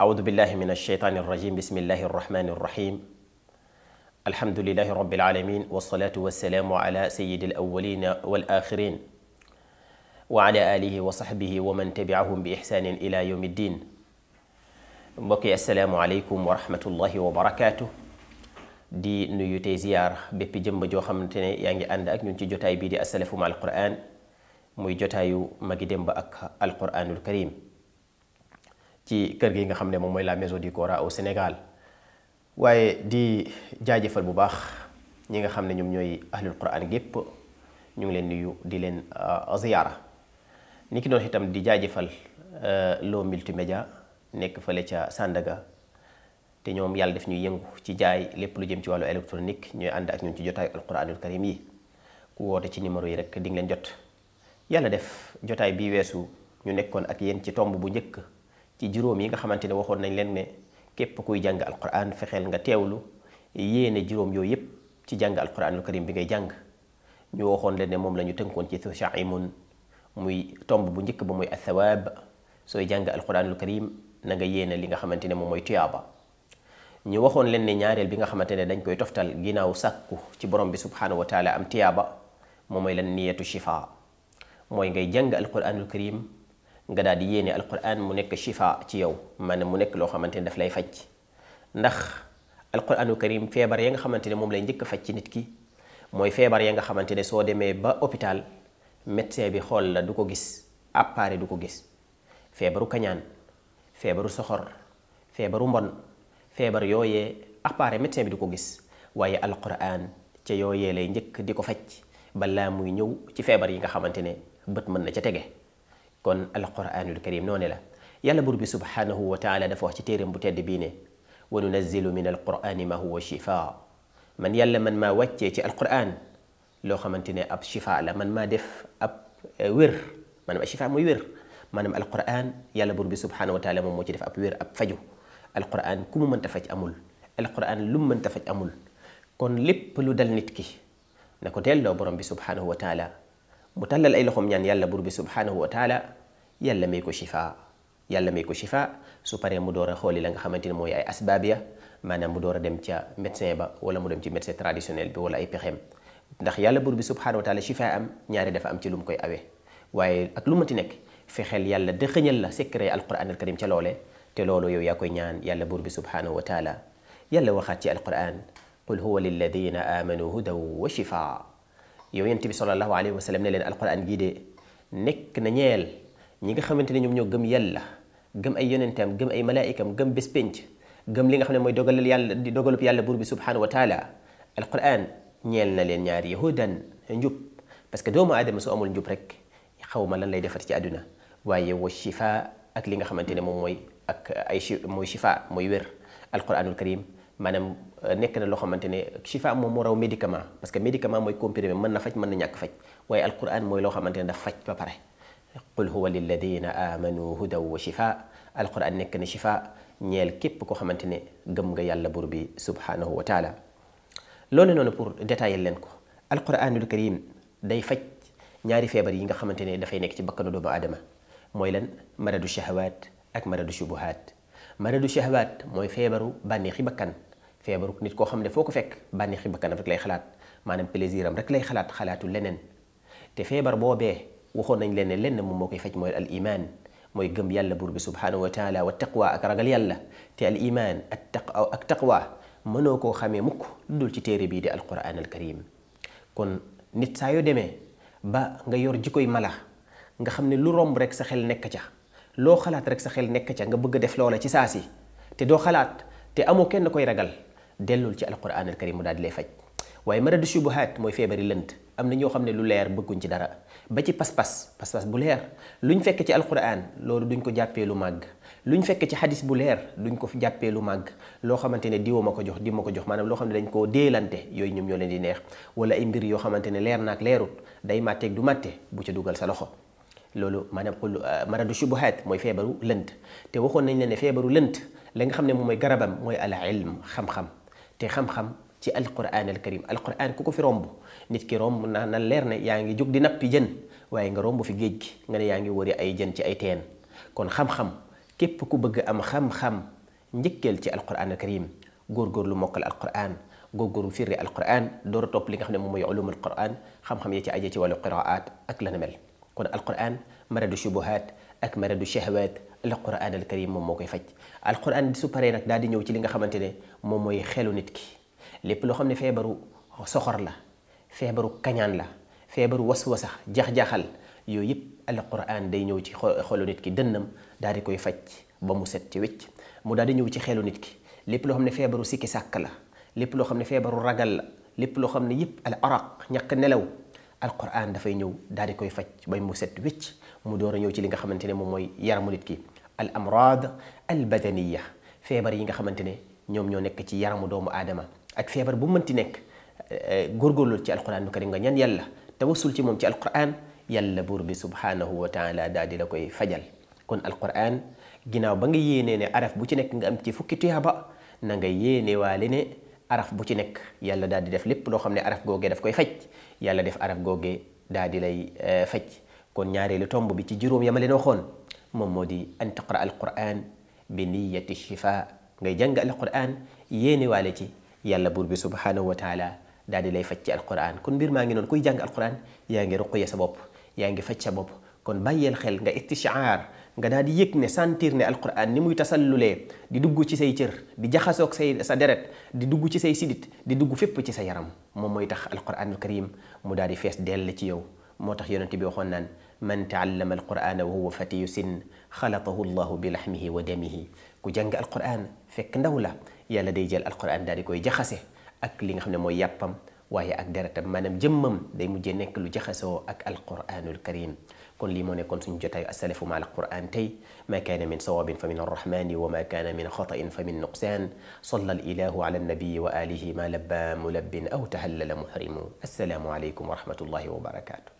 أعوذ بالله من الشيطان الرجيم بسم الله الرحمن الرحيم الحمد لله رب العالمين والصلاة والسلام على سيد الأولين والآخرين وعلى آله وصحبه ومن تبعهم بإحسان إلى يوم الدين بقي السلام عليكم ورحمة الله وبركاته دي نيوتي زيار بيبي جنب جو خمتني يعني عندك نيوتي جوتاي بيدي السلف مع القرآن مي جوتايو مجدين بأك القرآن الكريم ci kër gi nga xam ne moom mooy la maison du Coran au Sénégal waaye di jaajëfal bu baax ñi nga xam ne ñoom ñooy ahlul Quran gépp ñu ngi leen nuyu di leen uh, ziyaara ni ki doon itam di jaajëfal uh, loo multimédia nekk fële ca Sandaga te ñoom yàlla def ñuy yëngu ci jaay lépp lu jëm ci wàllu électronique ñooy ànd ak ñoom ci jotaayu alquranul karim yi ku woote ci numéro yi rek di nga leen jot yàlla def jotaay bii weesu ñu nekkoon ak yéen ci tomb bu njëkk ci juróom yi nga xamante ne waxoon nañ leen ne képp kuy jàng alquran fexeel nga teewlu yéene juróom yooyu yëpp ci jàng alquranul karim bi ngay jàng ñu waxoon leen ne moom la ñu tënkoon ci Shaimun muy tomb bu njëkk ba muy athawaab sooy jàng alquranul karim na nga yéene li nga xamante ne moom mooy tuyaaba ñu waxoon leen ne ñaareel bi nga xamante ne dañ koy toftal ginnaaw sàkku ci borom bi subhanahu wa taala am tuyaaba moom mooy lan niyatu shifa mooy ngay jàng alquranul karim nga daal di yéene alquran mu nekk shifa ci yow maanaam mu nekk loo xamante ne daf lay faj ndax alquranu karim feebar ya nga xamante ne moom lay njëkk faj ci nit ki mooy feebar ya nga xamante ne soo demee ba hôpital médecin bi xool la du ko gis appare du ko gis feebaru kañaan feebaru soxor feebaru mbon feebar yooyee appare médecin bi du ko gis waaye alquran ca yooyee lay njëkk di ko faj muy ñëw ci feebar yi nga xamante ne bët mën na ca tege kon alquranul karim noone la yàlla burbi subhanahu wa taala dafa wax ci terem bu tedd bi ne wa nunazzilu min alqurani ma huwa shifa man yàlla man ma wacce ci alquran lo xamantene ab shifa la man ma def ab wér man ma shifa moy wér manam alquran yàlla burbi subhanahu wa taala mom mo ci def ab wér ab faju alquran kumu man tafaj amul alquran lum man tafaj amul kon lépp lu dal nit ki nako delo borom bi subhanahu wa taala mutallal ay loxoom ñaan yàlla buur bi subhanahu wa taala yàlla may ko shifa yàlla may ko shifa su paree mu door a xooli la nga xamante ne mooy ay asbaab ya maanaam mu door a ndax yàlla buur bi subhanahu wa taala shifa am ñaari dafa am ci lu koy awee waaye ak lu mënti nekk fexeel yàlla dëxëñal la secret alquran al karim ca te loolu yow yaa koy ñaan yàlla buur bi subhanahu wa taala yàlla waxaat ci alquran qul huwa lilladina amanu hudan wa shifaa yow yonent bi sallallahu alayhi wa sallam ne leen alquran gii de nekk na ñeel ñi nga xamante ne ñoom ñoo gëm yàlla gëm ay yonentam gëm ay malaayikam gëm bés pénc gëm li nga xam ne mooy dogalal yàlla di dogalub yàlla buur bi subhanahu wa taala alquran ñeel na leen ñaari yahudan njub parce que doomu aadama su amul njub rek xaw ma lan lay defar ci àdduna waaye wa shifa ak li nga xamante ne moom mooy ak ay mooy shifa mooy wér alquranul karim maanaam Euh, nekk na loo xamante ne chifa moom moo raw médicament parce que médicament mooy comprimé mën na faj mën na ñàkk faj waaye alquran mooy loo xamante ne daf faj ba pare qul huwa lilladina amanu hudaw wa chifa alquran nekk na chifa ñeel képp koo xamante ne gëm nga yàlla buur bi subhanahu wa taala loolu noonu pour détailler leen ko alquranul karim day faj ñaari feebar yi nga xamante ne dafay nekk ci bakkanu doomu aadama mooy lan maradu shahawaat ak maradu shubuhaat maradu shahawaat mooy feebaru bànneexi bakkan feebaru nit koo xam ne foo ko fekk bànneexi bakkanam rek lay xalaat maanaam plaisir am rek lay xalaat xalaatu leneen te feebar boobee waxoon nañ leen ne lenn moom moo koy faj mooy al iman mooy gëm yàlla buur bi subhanahu wa taala wa taqwa ak ragal yàlla te al iman ak taqwa ak taqwa mënoo koo xamee mukk lu dul ci téere bii di alquran al karim kon nit saa yoo demee ba nga yor jikkoy mala nga xam ne lu romb rek sa xel nekk ca loo xalaat rek sa xel nekk ca nga bëgg a def loola ci saa si te doo xalaat te amoo kenn koy ragal dellul ci alquran alkarim mu daal di lay faj waaye maradu shubuhaat mooy feebari lënt am na ñoo xam ne lu leer bëgguñ ci dara ba ci pas-pas pas-pas bu leer luñ fekk ci alquran loolu duñ ko jàppee lu màgg luñ fekk ci xadis bu leer duñ ko jàppee lu màgg loo xamante ne diwa ma ko jox diwa ma jox maanaam loo xam dañ koo déelante yooyu ñoom ñoo leen di neex wala ay mbir yoo xamante leer naak leerut day màtteeg du màtte bu ca dugal sa loxo loolu maanaam xul maradu shubuhaat mooy feebaru lënt te waxoon nañ ne ne feebaru lënt la nga xam ne moom garabam mooy al ilm xam-xam te xam-xam ci alquran al karim alquran ku ko fi romb nit ki romb na na leer ne yaa ngi jóg di nappi jën waaye nga rombo fi géej nga ne yaangi wori ay jeen ci ay teen kon xam-xam kep ku bëgg am xam-xam ñeekel ci alquran al karim góorgóorlu mokkal alquran gor firri alquran door a topp li nga xam ne moom mooy ulum alquran xam-xam ya ci aje ci wàllu qiraat ak la na mel kon alquran maradu shubuhat ak maradu shahawat alquran alkarim moom moo koy faj alquran su paree nag daal di ñëw ci li nga xamante ne moom mooy xelu nit ki lépp loo xam ne feebaru soxor la feebaru kañaan la feebaru waswasa jax-jaxal yooyu yëpp alquran day ñëw ci xolu nit ki dënnam daal di koy faj ba mu set ci wécc mu daal di ñëw ci xelu nit ki lépp loo xam ne feebaru sikki sàkk la lépp loo xam ne feebaru ragal la lépp loo xam ne yëpp al araq ñàkk nelaw alquran dafay ñëw daal di koy faj bay mu set wécc mu door a ñëw ci li nga xamante ne moom mooy yaramu nit ki al amrad al badaniya feebar yi nga xamante ne ñoom ñoo nekk ci yaramu doomu aadama ak feebar bu mënti nekk eh, eh, góorgóorlu ci alquran nu karim nga ñan yàlla tawassul ci moom ci alquran yàlla buur bi subhanahu wa taala daal di la koy fajal kon alquran ginnaaw ba nga yéenee ne araf bu ci nekk nga am ci fukki tuyaaba na nga waale ne araf bu ci nekk yàlla daal di def lépp loo xam ne araf googee daf koy faj yàlla def araf googee daal di lay eh, faj kon ñaareelu tomb bi ci juróom ya ma leen waxoon moom moo di an taqra alquran bi niyati shifa ngay jàng alquran yéene waale ci yàlla buur bi subhanahu wa taala daal di lay faj ci alquran kon mbir maa ngi noonu koy jàng alquran yaa ngi ruquya sa bopp yaa ngi faj sa bopp kon bàyyeel xel nga istichaar nga daal di yëg ne santiir ne alquran ni muy tasallulee di dugg ci say cër di jaxasoog say sa deret di dugg ci say sidit di dugg fépp ci sa yaram moom mooy tax alquranul karim mu daal di fees dell ci yow moo tax yonente bi waxoon naan man taallama alqurana wa huwa fatiyu sin xalatahu llahu bi laxmihi wa damihi ku jàng alquran fekk ndaw la yàlla day jël alquran daal di koy jaxase ak li nga xam ne mooy yàppam waaye ak deretam maanaam jëmmam day mujje nekk lu jaxasoo ak alquranul karim كل لي موني كون السلف مع القران تي ما كان من صواب فمن الرحمن وما كان من خطا فمن نقصان صلى الاله على النبي واله ما لبى ملب او تهلل محرم السلام عليكم ورحمه الله وبركاته